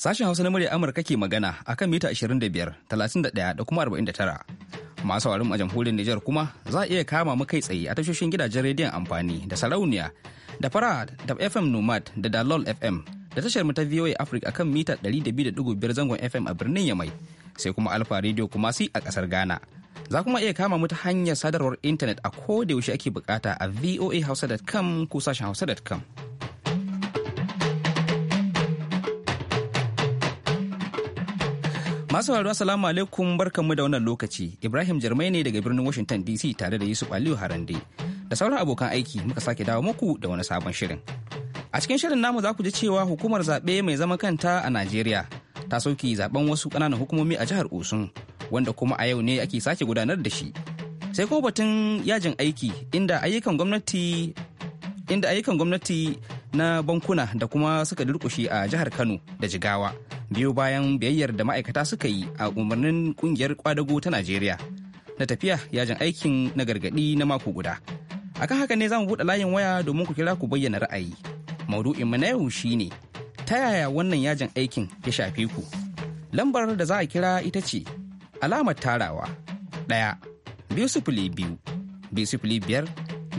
Sashen Hausa na murya Amurka ke magana akan mita 25, 31 da kuma 49. Masu warin a jamhuriyar Nijar kuma za a iya kama mu kai tsaye a tashoshin gidajen rediyon amfani da sarauniya da fara da FM Nomad da Dalol FM da tashar mu ta VOA Africa akan mita 200.5 zangon FM a birnin Yamai sai kuma Alfa Radio Kumasi a kasar Ghana. Za kuma iya kama mu ta hanyar sadarwar intanet a ko da yaushe ake bukata a voahausa.com ko sashen hausa.com. Masu sauraro salamu alaikum barkanmu da wannan lokaci. Ibrahim Jarmai ne daga birnin Washington DC tare da Yusuf Aliyu Harande. Da sauran abokan aiki muka sake dawo muku da wani sabon shirin. A cikin shirin namu za ku ji cewa hukumar zaɓe mai zama kanta a Najeriya ta sauki zaben wasu ƙananan hukumomi a jihar Osun wanda kuma a yau ne ake sake gudanar da shi. Sai kuma batun yajin aiki inda ayyukan gwamnati inda ayyukan gwamnati na bankuna da kuma suka durƙushe a jihar Kano da Jigawa. biyu bayan biyayyar da ma'aikata suka yi a umarnin kungiyar kwadago ta najeriya na tafiya yajin aikin na gargadi na mako guda akan haka ne za mu buɗe layin waya domin ku kira ku bayyana ra'ayi maudu'in mu na yau shine ta yaya wannan yajin aikin ya shafe ku lambar da za a kira ita ce alamar tarawa ɗaya biyu sifili biyu biyu sifili biyar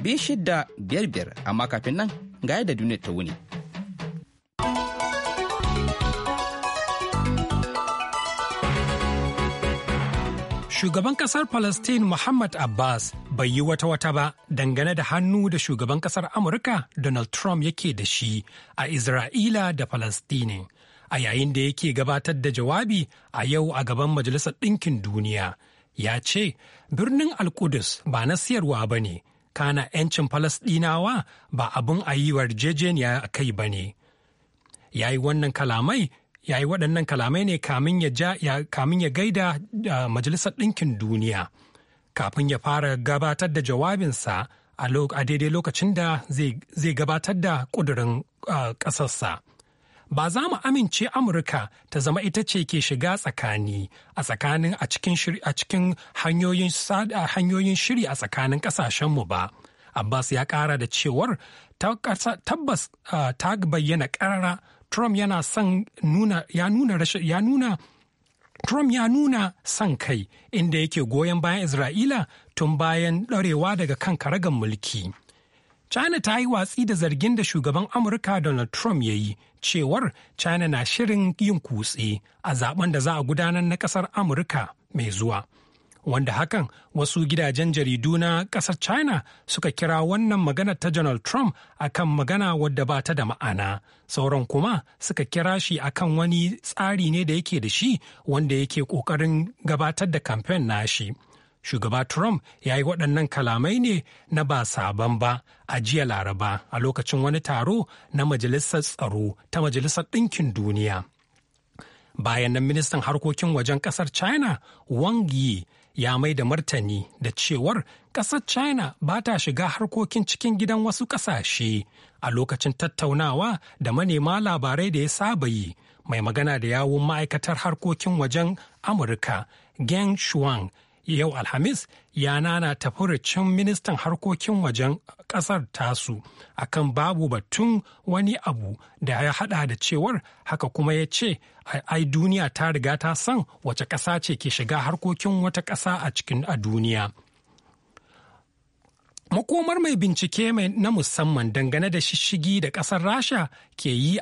biyu shidda biyar biyar amma kafin nan ga yadda duniyar ta wuni. Shugaban kasar Palestine Muhammad Abbas bai yi wata wata ba dangane da hannu da shugaban kasar Amurka Donald Trump yake da shi a Isra'ila da Palestine a yayin da yake gabatar da jawabi a yau a gaban Majalisar Ɗinkin Duniya. Ya ce, birnin al Al-Qudus ba na siyarwa ba ne, kana 'yancin Falasɗinawa ba abin a yi yarjejeniya a kai ba ne. Ya yi wannan kalamai ya yi waɗannan kalamai ne kamin ya gaida majalisar ɗinkin duniya kafin ya fara gabatar da jawabinsa a daidai lokacin da zai gabatar da ƙudurin ƙasarsa. Ba za mu amince Amurka ta zama ita ce ke shiga tsakani a tsakanin a cikin hanyoyin shiri a tsakanin ƙasashenmu ba. Abbas ya ƙara da cewar tabbas ta bayyana ƙarara Trump yana son nuna ya nuna ya nuna Trump ya nuna son kai inda yake goyon bayan Isra'ila tun bayan ɗorewa daga kan karagan mulki. China ta yi watsi da zargin da shugaban Amurka Donald Trump ya yi cewar China na shirin yin kutse a zaben da za a gudanar na ƙasar Amurka mai zuwa. wanda hakan wasu gidajen jaridu na ƙasar china suka kira wannan maganar ta donald trump akan magana wadda ba ta da ma'ana sauran kuma suka kira shi akan wani tsari ne da yake da shi wanda yake ƙoƙarin gabatar da kamfen na shi shugaba trump ya yi waɗannan kalamai ne na ba sabon ba a jiya laraba a lokacin wani taro na majalisar tsaro ta majalisar ɗinkin duniya bayan nan ministan harkokin wajen ƙasar china wang yi ya mai da martani da cewar ƙasar China ba ta shiga harkokin cikin gidan wasu ƙasashe a lokacin tattaunawa da manema labarai da ya saba yi mai magana da yawun ma'aikatar harkokin wajen Amurka Geng Shuang yau alhamis yana na ta cin ministan harkokin wajen kasar tasu akan babu batun wani abu da ya hada da cewar haka kuma ya ce ai duniya ta riga ta san wace ƙasa ce ke shiga harkokin wata ƙasa a cikin a duniya makomar mai bincike mai na musamman dangane da shishigi da kasar rasha ke yi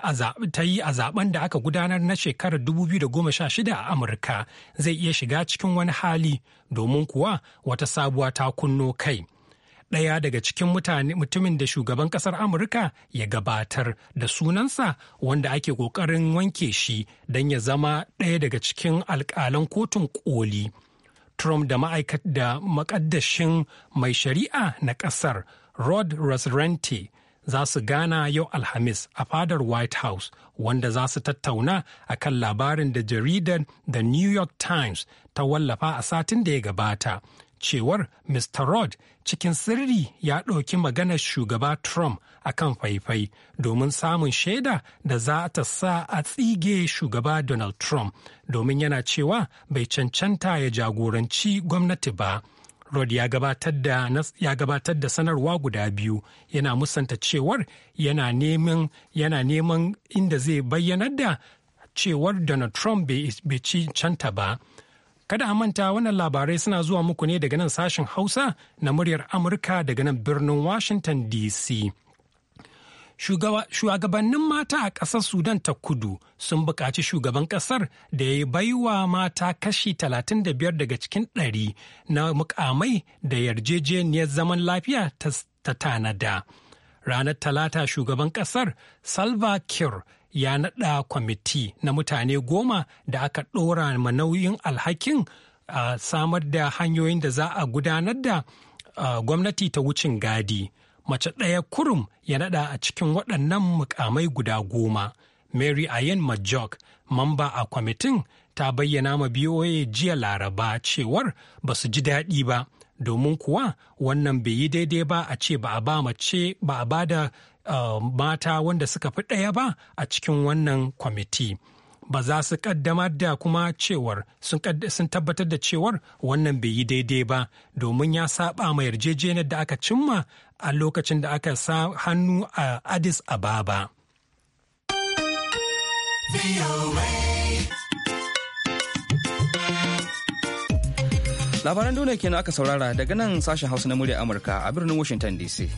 ta yi a zaben da aka gudanar na shekarar 2016 a amurka zai iya shiga cikin wani hali domin kuwa wata sabuwa ta kunno kai ɗaya daga cikin mutane mutumin da shugaban kasar amurka ya gabatar da sunansa wanda ake ƙoƙarin wanke shi don ya zama ɗaya daga cikin alƙalan kotun koli Trump da ma'aikat da makaddashin mai shari'a na ƙasar Rod Roserente za su gana yau Alhamis a fadar White House wanda za su tattauna a kan labarin da jaridar The New York Times ta wallafa a satin da ya gabata cewar Mr. Rod cikin sirri ya ɗauki maganar shugaba Trump a kan faifai domin samun shaida da za ta sa a tsige shugaba Donald Trump domin yana cewa bai cancanta ya jagoranci gwamnati ba. Rod ya gabatar da sanarwa guda biyu yana musanta cewar yana neman inda zai bayyanar da cewar Donald Trump bai canta ba. Kada a manta wannan labarai suna zuwa muku ne daga nan sashen Hausa na muryar Amurka daga nan birnin Washington DC. Shugabannin mata a ƙasar Sudan ta kudu sun buƙaci shugaban ƙasar da ya baiwa mata kashi talatin da biyar daga cikin ɗari na mukamai da yarjejeniyar zaman lafiya ta tanada. Ranar Talata shugaban ƙasar Salva Kiir ya naɗa kwamiti na mutane goma da aka ɗora nauyin alhakin a samar da hanyoyin da za a gudanar da gwamnati ta wucin gadi mace ɗaya kurum ya naɗa a cikin waɗannan mukamai guda goma mary ayen majok mamba a kwamitin ta bayyana ma BOA jiya laraba cewar ba su ji daɗi ba domin kuwa wannan bai yi daidai ba a ce ba a ba mace ba a ba da Uh, mata wanda suka fi ɗaya ba a cikin wannan kwamiti. ba za su kaddamar da kuma cewar sun tabbatar da cewar wannan bai yi daidai ba domin ya saba ma yarjejeniyar da aka cimma a lokacin da aka sa hannu a addis ababa labaran duniya kenan aka saurara daga nan sashen hausa na murya amurka a birnin washington dc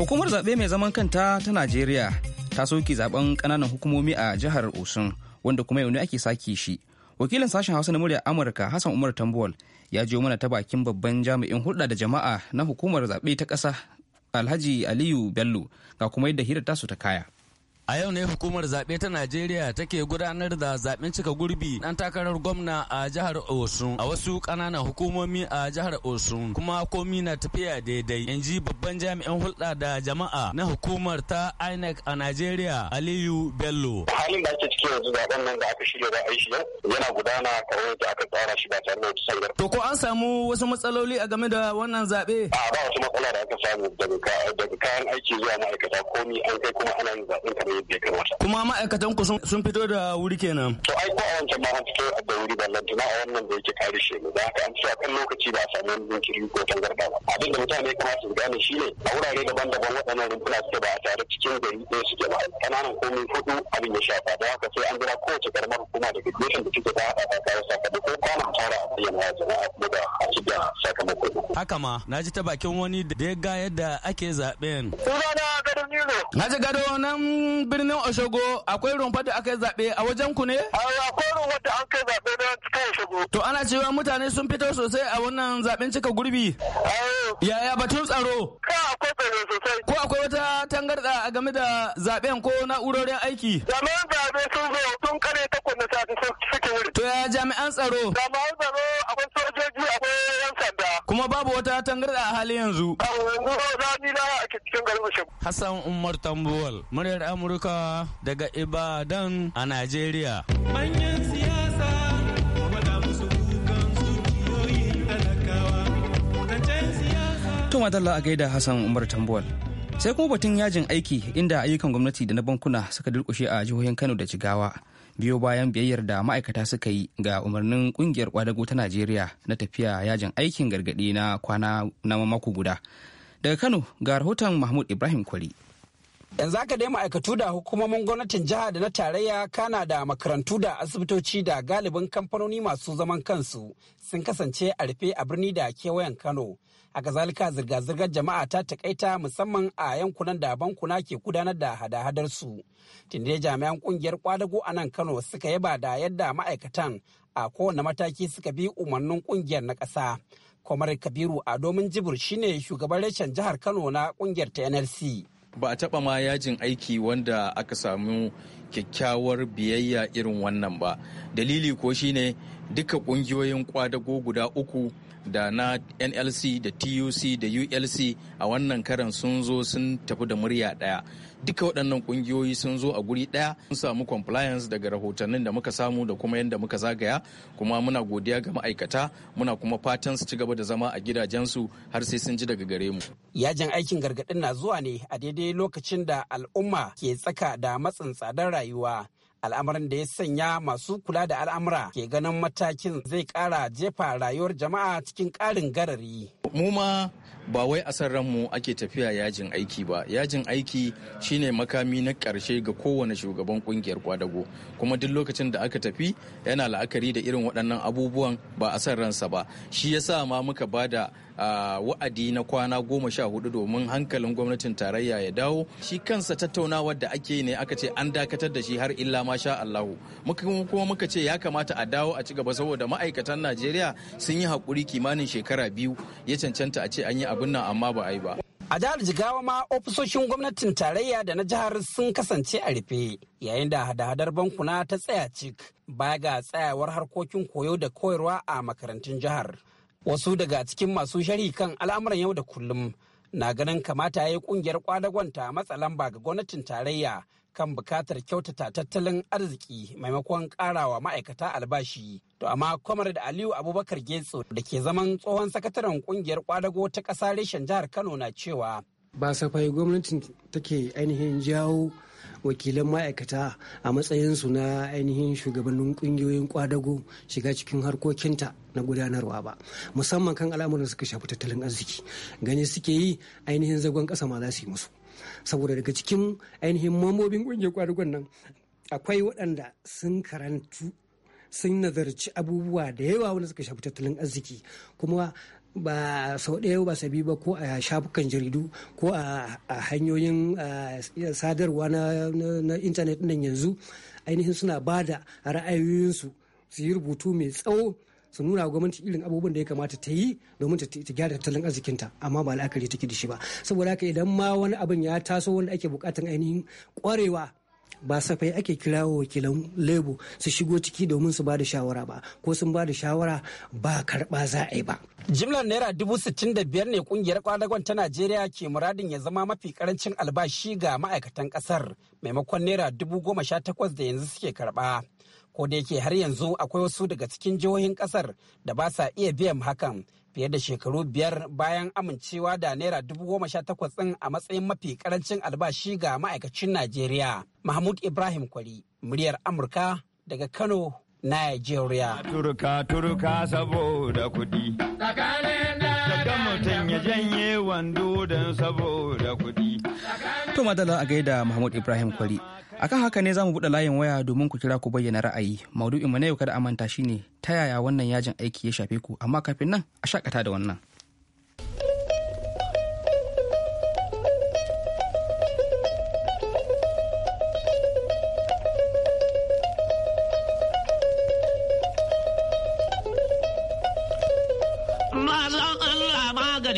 Hukumar zaɓe mai zaman kanta ta Najeriya ta soke zaben ƙananan hukumomi a jihar Osun wanda kuma yau ne ake sake shi. Wakilin sashen Hausa na murya Amurka Hassan Umar Tambuwal ya jiyo mana ta bakin babban jami'in hulɗa da jama'a na hukumar zaɓe ta ƙasa Alhaji Aliyu Bello ga kuma yadda hirar tasu ta kaya. A yau ne hukumar zaɓe ta Najeriya take gudanar da zaɓen cika gurbi ɗan takarar gwamna a jihar Osun a wasu ƙananan hukumomi a jihar Osun kuma komi na tafiya daidai in ji babban jami'in hulɗa da jama'a na hukumar ta INEC a Najeriya Aliyu Bello. Halin da ake ciki yanzu zaɓen nan da aka shirya da aishi yana gudana kamar yadda aka tsara shi ba tare da wata sangar. To ko an samu wasu matsaloli a game da wannan zaɓe? A ba wasu matsala da aka samu daga kayan aiki zuwa ma'aikata komi an kai kuma ana yin zaɓen kamar Kuma ma'aikatan ku sun fito da wuri kenan. To ai ko a wancan ma an fito da wuri ba lantana a wannan da yake kare shi da haka an cewa kan lokaci ba a samu wani jinkiri ko tangarda ba. Abin da mutane kamata su gane shine a wurare daban-daban waɗannan rumfuna suke ba a tare cikin gari ɗaya suke ba. Kananan komai hudu abin ya shafa da haka sai an jira kowace karamar hukuma da gefen da take ta haɗa ta kawo sakamako kwanan tara a bayyana jama'a kuma da a shiga sakamako. Haka ma na ji ta bakin wani da ya ga yadda ake zaɓen. Sunana Nilo. Na ji gado nan birnin Oshogo akwai rumfa da aka yi zaɓe a wajen ku ne? Akwai rumfa da aka yi zaɓe na cikin Oshogo. To ana cewa mutane sun fito sosai a wannan zaɓen cika gurbi. Yaya batun tsaro? Ka akwai tsaro sosai. Ko akwai wata tangarɗa a game da zaɓen ko na'urorin aiki? Jami'an zaɓe sun zo sun kare takwas na sati suke wuri. To yaya jami'an tsaro? Jami'an tsaro akwai sojoji akwai kuma babu wata tangarda a hali yanzu. Hassan Umar Tambuwal, muryar Amurka daga Ibadan a Najeriya. Manyan siyasa Tun a gaida Hassan Umar Tambuwal. Sai kuma batun yajin aiki inda ayyukan gwamnati da na bankuna suka durkushe a jihohin Kano da Jigawa. biyo bayan biyayyar da ma'aikata suka yi ga umarnin kungiyar kwadago ta najeriya na tafiya yajin aikin gargadi na kwana na mako guda daga kano ga rahoton mahmud ibrahim kwari yanzu haka dai ma'aikatu da hukumomin gwamnatin jiha da na tarayya kana da makarantu da asibitoci da galibin kamfanoni masu zaman kansu sun kasance a rufe a birni da kewayen kano a zalika zirga-zirgar jama'a ta takaita musamman a yankunan da bankuna ke gudanar da hada-hadar su tunda jami'an kungiyar kwadago a nan kano suka yaba da yadda ma'aikatan a kowane mataki suka bi umarnin kungiyar na ƙasa kwamar kabiru a domin jibir shine shugaban reshen jihar kano na kungiyar ta nlc ba a taba ma yajin aiki wanda aka samu kyakkyawar biyayya irin wannan ba dalili ko shine duka kungiyoyin kwadago guda uku da na nlc da tuc da ulc a wannan karan sun zo sun tafi da murya ɗaya duka waɗannan ƙungiyoyi sun zo a guri ɗaya sun samu compliance daga rahotannin da muka samu da kuma yadda muka zagaya kuma muna godiya ga ma'aikata muna kuma fatan su ci gaba da zama a gidajensu har sai sun ji daga gare mu. yajin aikin gargaɗin na zuwa ne a daidai lokacin da al'umma ke tsaka da matsin tsadar rayuwa al'amarin da ya sanya masu kula da al'amura ke ganin matakin zai kara jefa rayuwar jama'a cikin ƙarin garari. mu ma ba wai a san ranmu ake tafiya yajin aiki ba yajin aiki shine makami na ƙarshe ga kowane shugaban kungiyar kwadago kuma duk lokacin da aka tafi yana la'akari da irin waɗannan abubuwan ba a san ransa ba shi yasa ma muka bada a wa'adi na kwana goma sha hudu domin hankalin gwamnatin tarayya ya dawo shi kansa tattaunawar da ake ne aka ce an dakatar da shi har illa ma sha Allahu kuma muka ce ya kamata a dawo a ci gaba saboda ma'aikatan Najeriya sun yi hakuri kimanin shekara biyu ya cancanta a ce an yi abin nan amma ba a yi ba. A jihar Jigawa ma ofisoshin gwamnatin tarayya da na jihar sun kasance a rufe yayin da hada-hadar bankuna ta tsaya cik baya ga tsayawar harkokin koyo da koyarwa a makarantun jihar. Wasu daga cikin masu shari kan al'amuran yau da kullum na ganin kamata ya yi kungiyar kwadagonta matsa lamba ga gwamnatin tarayya kan bukatar kyautata tattalin arziki maimakon karawa ma'aikata albashi. To amma kwamar da Aliyu Abubakar Getso da ke zaman tsohon sakataren kungiyar kwadago ta ƙasa reshen jihar Kano na cewa. Ba safai gwamnatin take ainihin jawo wakilan ma'aikata a matsayinsu na ainihin shugabannin kungiyoyin kwadago shiga cikin harkokinta na gudanarwa ba musamman kan al'amuran suka shafi tattalin arziki Gani suke yi ainihin zagon kasa ma za su yi musu saboda daga cikin ainihin mambobin ƙungiyar kwadugon nan akwai waɗanda sun karantu sun nazarci abubuwa da yawa wanda suka shafi tattalin arziki kuma ba sau ɗaya ba sabi ba ko a shafukan jaridu ko a hanyoyin sadarwa na intanet nan yanzu ainihin suna ba da ra'ayoyinsu su yi rubutu mai tsawo su nuna wa gwamnati irin abubuwan da ya kamata ta yi domin ta gyara tattalin arzikinta amma ba la'akari take da shi ba saboda haka idan ma wani abin ya taso wanda ake bukatan ainihin kwarewa ba safai ake wa wakilan lebo su shigo ciki domin su ba da shawara ba ko sun ba da shawara ba karba za a yi ba. jimlar naira dubu sittin da biyar ne kungiyar kwadagon ta najeriya ke muradin ya zama mafi karancin albashi ga ma'aikatan kasar maimakon naira dubu goma sha takwas da yanzu suke karba ko da yake har yanzu akwai wasu daga cikin jihohin kasar da ba sa iya biyan hakan fiye da shekaru biyar bayan amincewa da naira dubu goma sha takwas din a matsayin mafi karancin albashi ga ma'aikacin najeriya mahmud ibrahim kwari muryar amurka daga kano Nigeria. Turka turka saboda mutum ya janye wando don saboda kudi To madala a gaida Mahmud Ibrahim Kwari. Akan haka ne za mu buɗe layin waya domin ku kira ku bayyana ra'ayi. Maudu'in mu na yau kada amanta shine ta yaya wannan yajin aiki ya shafe ku amma kafin nan a shakata da wannan.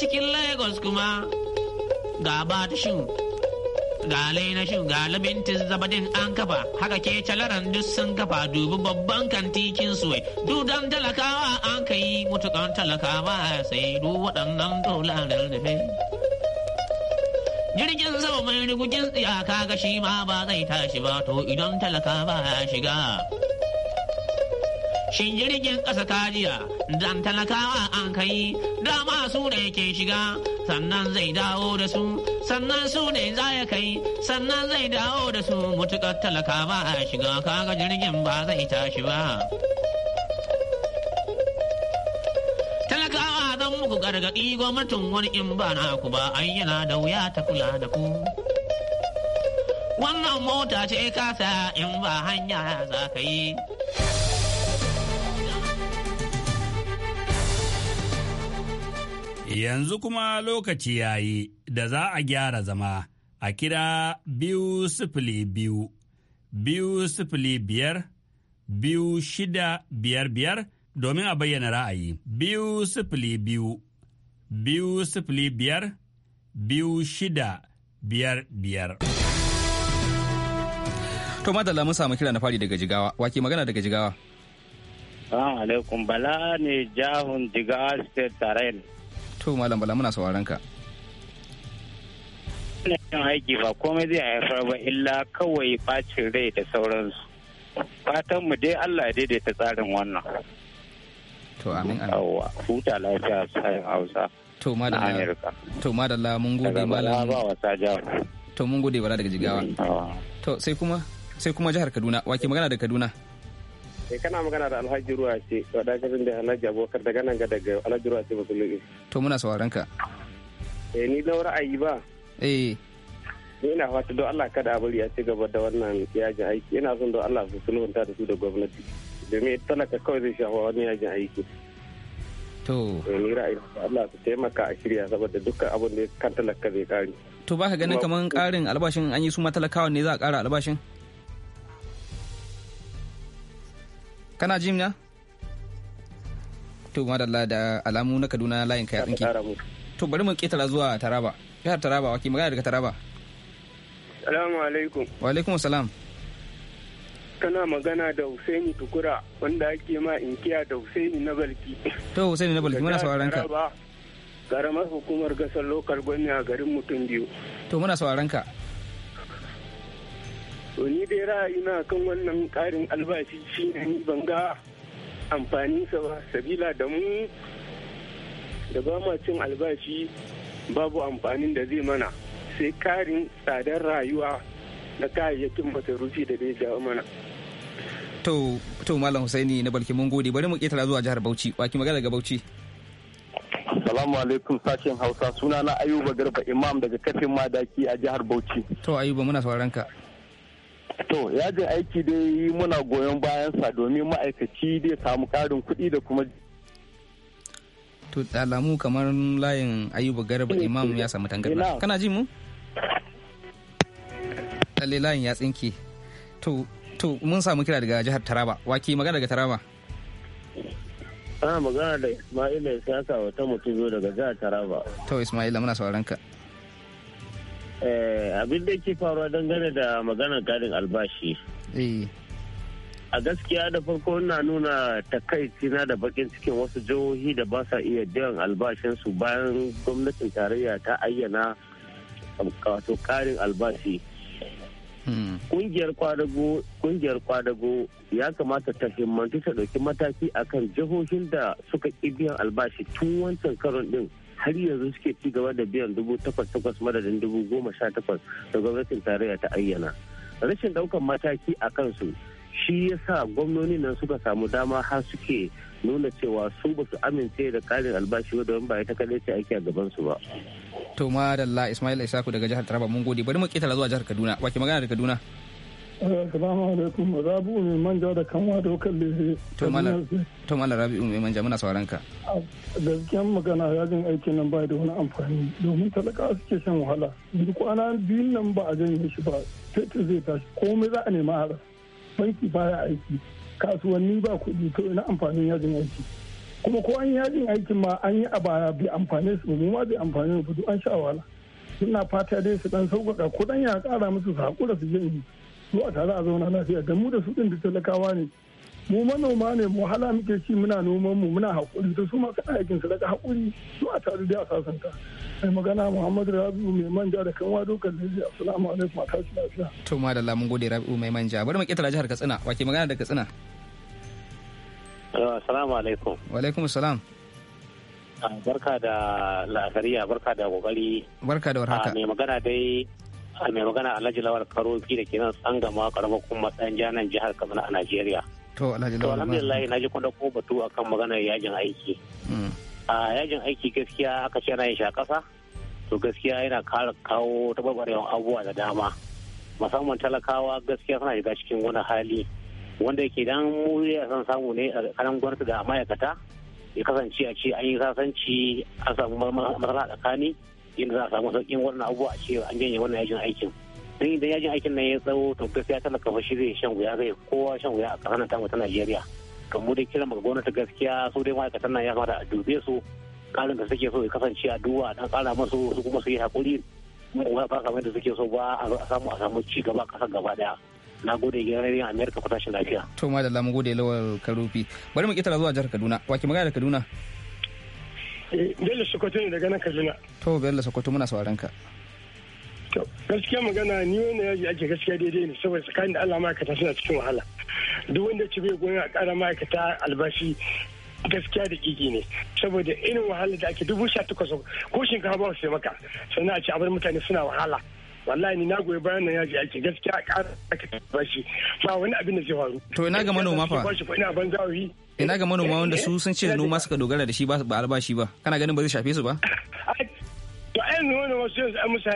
cikin Lagos kuma ga Batashin, ga Lainashin, ga Labintis Zabadin an kafa, haka ke calaran duk sun kafa dubi babban kantikin suwai, dudan talakawa an ka yi mutukan talakawa sai duk waɗannan dolarar da Jirgin sama mai rigugin tsiyaka ga shi ma ba zai tashi ba to idan talakawa ya shiga. Shin jirgin ƙasa jiya dan talakawa an kai dama su ne ke shiga sannan zai dawo da su sannan su ne za ya kai sannan zai dawo da su mutuƙar talaka ba a shiga kaga jirgin ba zai tashi ba. Talakawa zan muku gargaɗi gwamnatin wani in ba na ku ba ayyana da wuya ta kula da ku. Wannan mota ce kasa in ba hanya za ka yi. Yanzu kuma lokaci ya yi da za a gyara zama a kira biyu sifili biyu, biyu sifili biyar, biyu shida biyar biyar domin a bayyana ra'ayi. Biyu sifili biyu, biyu sifili biyar, biyu shida biyar biyar. To madalla mun samu kira na fari daga jigawa, wake magana daga jigawa. Assalamu alaikum Bala ne jahun jigawa state tarayyar to malam bala muna sauraron ka yin aiki ba komai zai haifar ba illa kawai bacin rai da sauransu fatan mu dai Allah ya daidaita tsarin wannan to amin a huta lafiya sai Hausa to Amerika. to madalla mun gode malam ba ta jawo to mun gode bara daga jigawa to sai kuma sai kuma jihar Kaduna wake magana da Kaduna Eh, kana magana da Alhaji Ruwa ce wadakatin da Alhaji abokar daga nan ga daga Alhaji Ruwa ce musulmi. To muna sauran ka. Eh ni na ra'ayi ba. Eh. Ni ina fata don Allah kada abu ya ci gaba da wannan yajin aiki ina son don Allah su sulhunta da su da gwamnati domin talaka kawai zai shafa wani yajin aiki. To. Eh, ni ra'ayi Allah su taimaka a shirya saboda dukkan abin da kan talaka zai kare. To baka ganin kamar karin albashin an yi su matalakawa ne za a kara albashin? kana jim na to madalla da alamu na kaduna layin kai a tsinke to bari mu ketara zuwa taraba jihar taraba wake magana daga taraba salamu alaikum wa alaikum salam kana magana da Husaini Tukura wanda ake ma inkiya da Husaini na Balki. To Husaini na Balki muna sauraron ka. garamar hukumar gasar lokal gwamna a garin mutum biyu. To muna sauraron ka. to ni dai ra'ayina kan wannan ƙarin albashi shi ne ni ban ga sa ba sabila da mu da ba ma cin albashi babu amfanin da zai mana sai ƙarin tsadar rayuwa na kayayyakin masarufi da zai jawo mana. To, to Malam Husaini na Balki mun gode bari mu ketara zuwa jihar Bauchi, baki magana daga Bauchi. Salamu alaikum sashen Hausa suna na Ayuba Garba Imam daga kafin Madaki a jihar Bauchi. To Ayuba muna sauraron ka. To yajin aiki dai muna goyon bayansa domin ma'aikaci dai samu karin kuɗi da kuma to alamu kamar layin ayuba garba imam ya samu tangarda kana ji mu lalle layin ya tsinke to to mun samu kira daga jihar taraba Waki magana daga taraba Ah magana da ismaila ya saka wata mutum daga jihar taraba to ismaila muna sauran ka Eh, abin da ke faruwa dangane da maganar gadin albashi eh. a gaskiya da farko na nuna takaici na da bakin cikin wasu jihohi da ba sa iya biyan albashinsu bayan gwamnatin tarayya ta ayyana wato karin albashi hmm. kungiyar kwadago ya kamata ta himmantu ta ɗauki mataki akan jihohin da suka ƙi biyan albashi tun wancan karon ɗin har yanzu suke ci gaba da biyan dubu takwas takwas madadin dubu goma sha takwas da gwamnatin tarayya ta ayyana rashin daukan mataki a kansu shi ya sa gwamnoni nan suka samu dama har suke nuna cewa su ba su amince da karin albashi wadda don ba ya ce aiki a gaban su ba to dalla ismail isaku daga jihar taraba mun gode bari mu ketara zuwa jihar kaduna wake magana da kaduna Assalamu alaikum Rabi'u mai manja da kanwa da wakan lehe. Rabi'u muna sauran ka. Gaskiyan magana yajin aikin nan ba da wani amfani domin talaka suke shan wahala. Duk kwana biyun nan ba a janye shi ba. Fetur zai tashi komai za a nema haɗa. Banki ba ya aiki. Kasuwanni ba kuɗi to ina amfanin yajin aiki. Kuma ko an yi yajin aikin ma an yi a baya bai amfane su ba mu ma bai amfane su ba an sha wahala. Ina fata dai su dan sauƙaƙa ko dan ya ƙara musu su haƙura su je mu a tare a zauna lafiya da mu da su ɗin da talakawa ne mu manoma ne mu hala muke ci muna noman mu muna haƙuri da su ma kana aikin su daga haƙuri su a tare da a sasanta mai magana muhammadu rabi'u mai manja da kanwa dokar lafiya assalamu alaikum a tashi lafiya to ma da lamun gode rabi'u mai manja bari mu ƙetara jihar katsina wake magana da katsina ah, assalamu alaikum wa alaikum assalam ah, barka da la'asariya barka da kokari barka da warhaka ah, mai magana dai a mai magana alhaji lawal karofi da ke nan tsangama karama kun matsayin janan jihar kaduna a najeriya to alhaji lawal alhamdulillah na ji kun ko batu akan maganar yajin aiki hmm. a yajin aiki gaskiya aka ce na sha kasa to gaskiya yana kara kawo tabarbarewan abubuwa da dama musamman talakawa gaskiya suna shiga cikin wani hali wanda yake dan mu ya san samu ne a kanan gwamnati da ma'aikata ya kasance a ce an yi sasanci an samu matsala tsakani inda za a samu sauƙin wannan abubuwa a cewa an janye wannan yajin aikin don idan yajin aikin nan ya tsawo to gaskiya talaka kafa shi zai shan wuya zai kowa shan wuya a ƙasar tamu ta Najeriya to mu dai kiran maka gwamnati gaskiya su dai ma'aikatan nan ya kamata a dube su ƙarin da suke so ya kasance a duba dan ƙara musu su kuma su yi haƙuri ba ba kamar da suke so ba a samu a samu ci gaba ƙasar gaba daya na gode gidan rediyon Amerika tashin lafiya to da lamu gode lawal karofi bari mu kitara zuwa jihar Kaduna wa ki magana da Kaduna Bello Sokoto ne daga nan Kaduna. To Bello Sokoto muna sauran ka. To gaskiya magana ni wani yaji ake gaskiya daidai ne saboda tsakanin da Allah ma'aikata suna cikin wahala. Duk wanda ci bai goyon a ƙara ma'aikata albashi gaskiya da ƙiƙi ne saboda irin wahala da ake dubu sha takwas ko shinkafa ba su maka sannan a ci abin mutane suna wahala. wallahi ni na goyi bayan nan yaji ake gaskiya a ƙara ma'aikata albashi ba wani abin da zai faru. To ina ga manoma fa. Ina ban zawayi. ina eh, ga manoma wanda su sun ce noma suka dogara da shi ba albashi ba kana ganin ba zai shafe su ba to a yanzu wani wasu yanzu an musa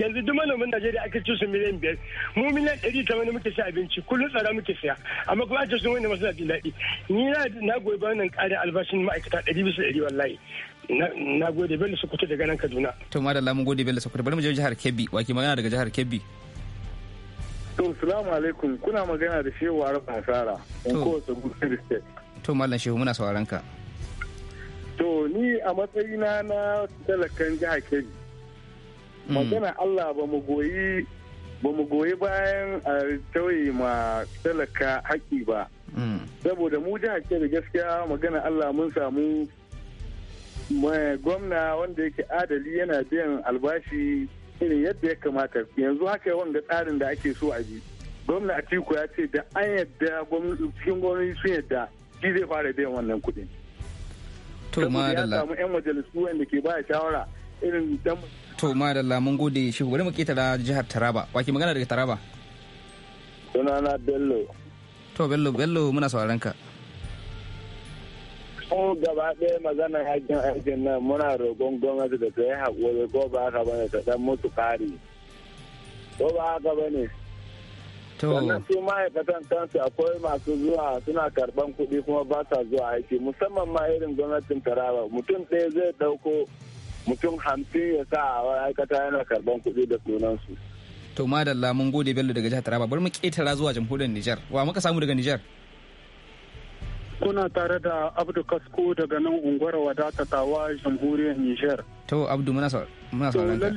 yanzu duk manoman najeriya aka ci su miliyan biyar mu miliyan ɗari tamanin muke sa abinci kullum tsara muke siya amma kuma ake sun wani masu da daɗi ni na goyi ba wannan ƙarin albashin ma'aikata ɗari bisa ɗari wallahi na gode bello sokoto daga nan kaduna. to da lamun gode bello sokoto bari mu je jihar kebbi wake magana daga jihar kebbi. to salamu alaikum kuna magana da shehu arab hasara in kowace gudunar state. to mallam shehu muna sauran ka to ni a matsayina na talakan jihar kebbi mm. magana allah ba mu goyi ba mu goyi bayan a tauye ma talaka haƙƙi ba mm. saboda mu jiha kebbi gaskiya magana allah mun samu mai gwamna wanda yake adali yana biyan albashi irin yadda ya kamata yanzu haka wanga tsarin da ake so a bi gwamna atiku ya ce da an yadda cikin gwamnati sun yadda shi zai fara biyan wannan kuɗin. To ma madalla. Ya samu 'yan majalisu wanda ke baya shawara irin dan. To ma da la mun gode shi bari mu ketara jihar Taraba. Wa ke magana daga Taraba? Sunana Bello. To Bello Bello muna sauraron ka. Ko gaba ɗaya magana hakin aikin nan muna roƙon gwamnati da ta yi haƙuri ko ba haka bane ta dan mutu kari. Ko ba haka bane. sannan su ma'aikatan kansu akwai masu zuwa suna karban kuɗi kuma ba sa zuwa aiki musamman ma irin gwamnatin taraba mutum ɗaya zai ɗauko mutum hamsin ya sa a ma'aikata yana karban kuɗi da sunansu. to madalla mun gode bello daga jihar taraba bari mu ƙetara zuwa jamhuriyar nijar wa muka samu daga nijar. kuna tare da abdu kasko daga nan unguwar wadatatawa jamhuriyar nijar. to abdu muna sauran ka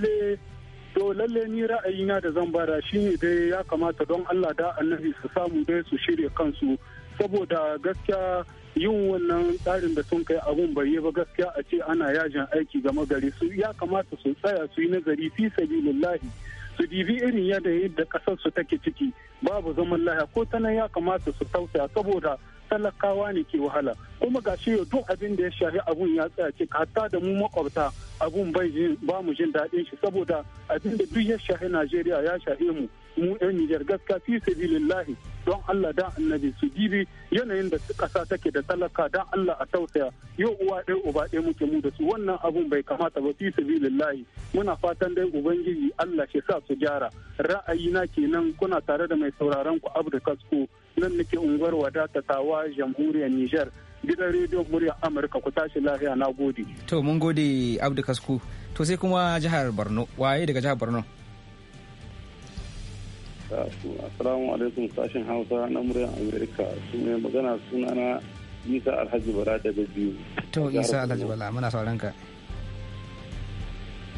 To lalle ni ra'ayina da zan bada ne dai ya kamata don Allah da annabi su samu dai su shirya kansu saboda gaskiya yin wannan tsarin da sun kai abun bai yi ba gaskiya a ce ana yajin aiki game gari su ya kamata su tsaya su yi nazari fi sabilillahi su dibi irin yadda yadda kasar su take ciki babu zaman lahiya ko tana ya kamata su tausaya saboda talakawa ne ke wahala kuma ga shi duk abin da ya shafi abun ya tsaya ce hatta da mu makwabta abun bai ba mu jin daɗin shi saboda abin da duk ya shafi najeriya ya shafi mu mu yan nijar gaskiya fi sabilillahi don allah da annabi su dibi yanayin da ƙasa take da talaka da allah a tausaya yau uwa ɗaya uba ɗaya muke mu da su wannan abun bai kamata ba fi sabilillahi muna fatan dai ubangiji allah shi sa su gyara ra'ayina kenan kuna tare da mai sauraron ku abdu kasko nan nake unguwar wadata tawa jamhuriyar Nijar gidan rediyo murya Amurka ku tashi lafiya na gode. To mun gode Abdu Kasku. To sai kuma jihar Borno waye daga jihar Borno? Assalamu alaikum sashen Hausa na muryar Amerika su ne magana sunana Isa Alhaji Bala daga biyu. To Isa Alhaji Bala muna sauran ka.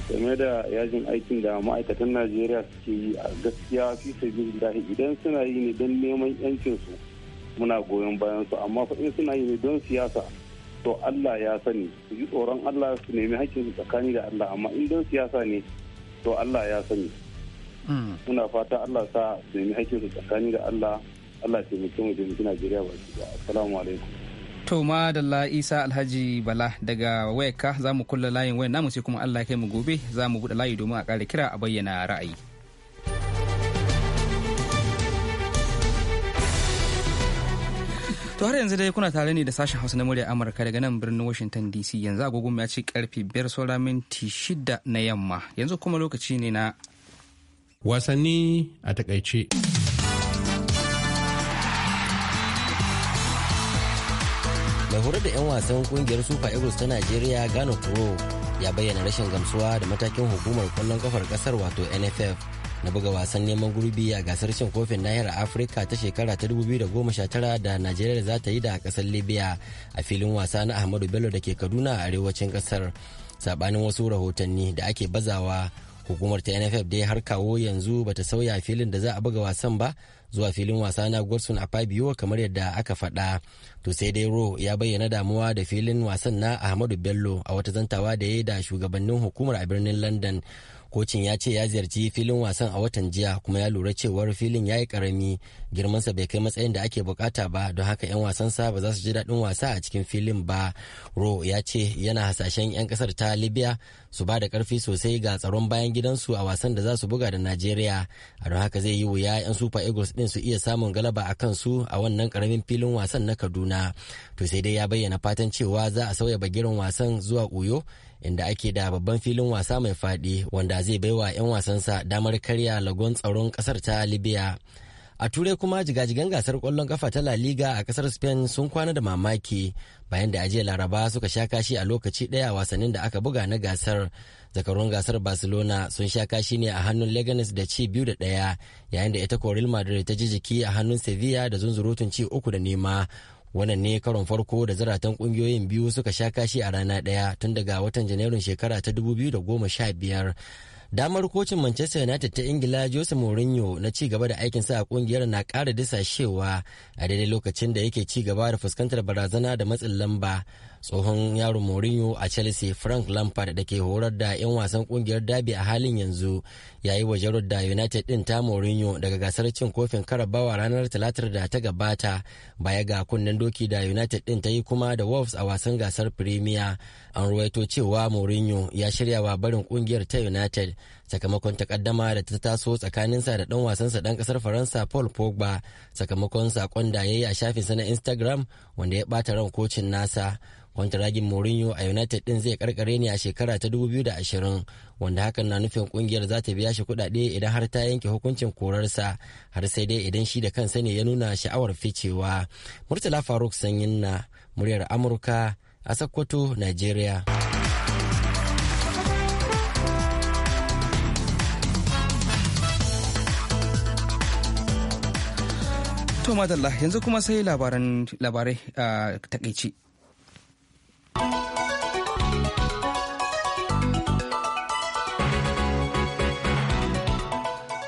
game da yajin aikin da ma'aikatan najeriya suke yi a gaskiya fi sabilillahi idan suna yi ne don neman yancinsu muna goyon bayan su amma fa in suna yi ne don siyasa to allah ya sani su ji tsoron allah su nemi hakkin tsakani da allah amma in don siyasa ne to allah ya sani hmm. muna fata allah sa su nemi hakkin su tsakani da allah allah taimake mutum da najeriya ba su assalamu alaikum to da isa alhaji bala daga wayaka za mu kulla layin wayan namu sai kuma allah kai mu gobe za mu buɗe layi domin a ƙara kira a bayyana ra'ayi to har yanzu dai kuna tare ne da sashen hausa na murya amurka daga nan birnin washington dc yanzu agogon ya ci karfe biyar saura minti shida na yamma yanzu kuma lokaci ne na wasanni a takaice mai horar da 'yan wasan kungiyar super eagles ta nigeria gano kuro ya bayyana rashin gamsuwa da matakin hukumar kwallon kafar kasar wato nff na buga wasan neman gurbi a gasar cin kofin nahiyar afirka ta shekara ta 2019 da najeriya za ta yi da kasar libya a filin wasa na ahmadu bello da ke kaduna a arewacin kasar sabanin wasu rahotanni da ake bazawa hukumar ta nff dai har kawo yanzu bata sauya filin da za a buga wasan ba zuwa filin wasa na gwarsun a fabio kamar yadda aka faɗa to sai dai ro ya bayyana damuwa da filin wasan na ahmadu bello a wata zantawa da ya yi da shugabannin hukumar a birnin london kocin ya ce ya ziyarci filin wasan a watan jiya kuma ya lura cewar filin ya yi karami girmansa bai kai matsayin da ake bukata ba don haka 'yan wasansa ba za su ji daɗin wasa a cikin filin ba ro ya ce yana hasashen 'yan ƙasar ta libya su ba da karfi sosai ga tsaron bayan gidansu a wasan da za su buga da najeriya a don haka zai yi wuya 'yan super eagles din su iya samun galaba a kansu a wannan karamin filin wasan na kaduna to sai dai ya bayyana fatan cewa za a sauya bagirin wasan zuwa uyo inda ake da babban filin wasa mai faɗi wanda zai baiwa 'yan wasansa damar karya lagon tsaron ƙasar ta libya a turai kuma jigajigan gasar kwallon kafa ta la liga a kasar spain sun kwana da mamaki bayan da ajiyar laraba suka sha kashi a lokaci daya wasannin da aka buga na gasar zakarun gasar barcelona sun sha kashi ne a hannun leganes da ci biyu da daya yayin da ita real madrid ta ji jiki a hannun sevilla da zunzurutun ci uku da nema wannan ne karon farko da zaratan kungiyoyin biyu suka sha kashi a rana ɗaya tun daga watan janairun shekara ta 2015 damar kocin manchester united ta ingila jose mourinho na ci gaba da sa a kungiyar na ƙara disashewa a daidai lokacin da yake ci gaba da fuskantar barazana da matsin lamba tsohon yaro Mourinho a Chelsea Frank Lampard da ke horar da 'yan wasan kungiyar Derby a halin yanzu ya yi wa da United din ta Mourinho daga gasar cin kofin karabawa ranar talatar da ta gabata baya ga kunnen doki da United din ta yi kuma da Wolves a wasan gasar Premier an ruwaito cewa Mourinho ya shirya wa barin kungiyar ta United sakamakon takaddama da ta taso tsakanin sa da dan wasansa dan kasar faransa paul pogba sakamakon sakon da ya yi a sa na instagram wanda ya bata ran kocin nasa ragin Mourinho a United ɗin zai karkare ne a shekara ta 2020 wanda hakan na nufin kungiyar za ta biya shi kudade idan har ta yanke hukuncin korarsa har sai dai idan shi da kansa ne ya nuna sha'awar ficewa. Murtala Faruk Sanyin na muryar Amurka a Sokoto, Nigeria. To madalla yanzu kuma sai labarai a takaici.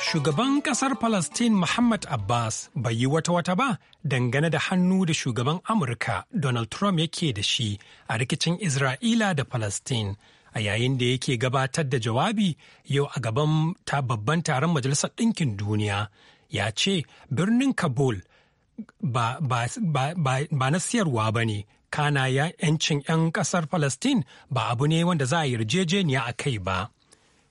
Shugaban ƙasar Palestine Muhammad Abbas bai yi wata wata ba dangane da hannu da shugaban Amurka Donald Trump yake da shi a rikicin Isra'ila da Palestine. a yayin da yake gabatar da jawabi yau a gaban babban taron majalisar ɗinkin duniya ya ce birnin kabul ba, na siyarwa ba ne kana ya 'yancin 'yan kasar Palestine ba abu ne wanda za a yarjejeniya a kai ba.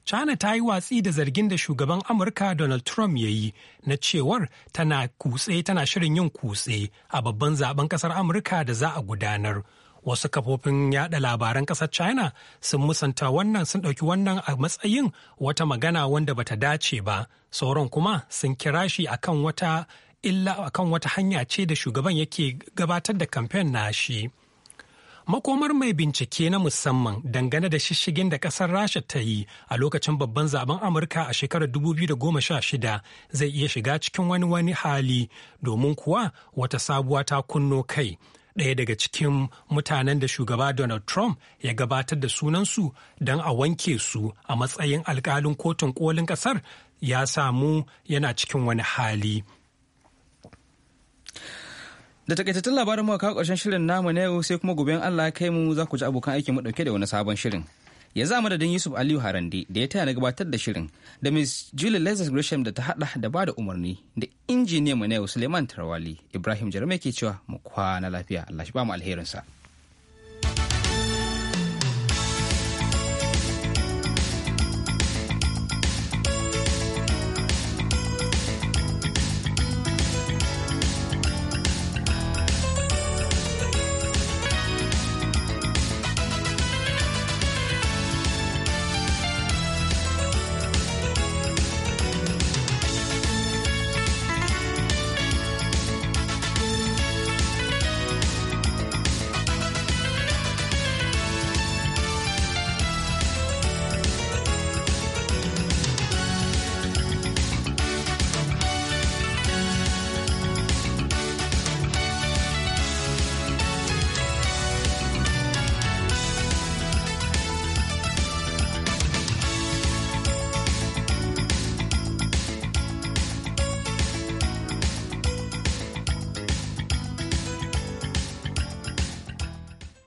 China ta yi watsi da zargin da shugaban Amurka Donald Trump ya yi na cewar tana kutse tana shirin yin kutse a babban zaben ƙasar Amurka da za a gudanar. Wasu kafofin yaɗa labaran ƙasar China sun musanta wannan sun ɗauki wannan a matsayin wata magana wanda bata dace ba, sauran kuma sun kira shi akan wata illa akan wata hanya ce da shugaban yake gabatar da kamfen na shi. Makomar mai bincike na musamman dangane da shishigin da kasar Rasha ta yi a lokacin babban zaben Amurka a shekarar 2016 zai iya shiga cikin wani wani hali domin kuwa wata sabuwa ta kunno kai. ɗaya daga cikin mutanen da shugaba Donald Trump ya gabatar da sunansu don a wanke su a matsayin alkalin kotun kolin ƙasar ya samu yana cikin wani hali. da takaitattun labarin mu kawo ƙarshen shirin namu na yau sai kuma gobe Allah ya kai mu za ku ji abokan aikin mu dauke da wani sabon shirin ya za mu da madadin Yusuf Aliyu Harande da ya taya na gabatar da shirin da Miss Julie Lazarus Gresham da ta hada da bada umarni da injiniya mu na yau Suleiman Tarawali Ibrahim Jarme ke cewa mu kwana lafiya Allah shi ba mu alherinsa. sa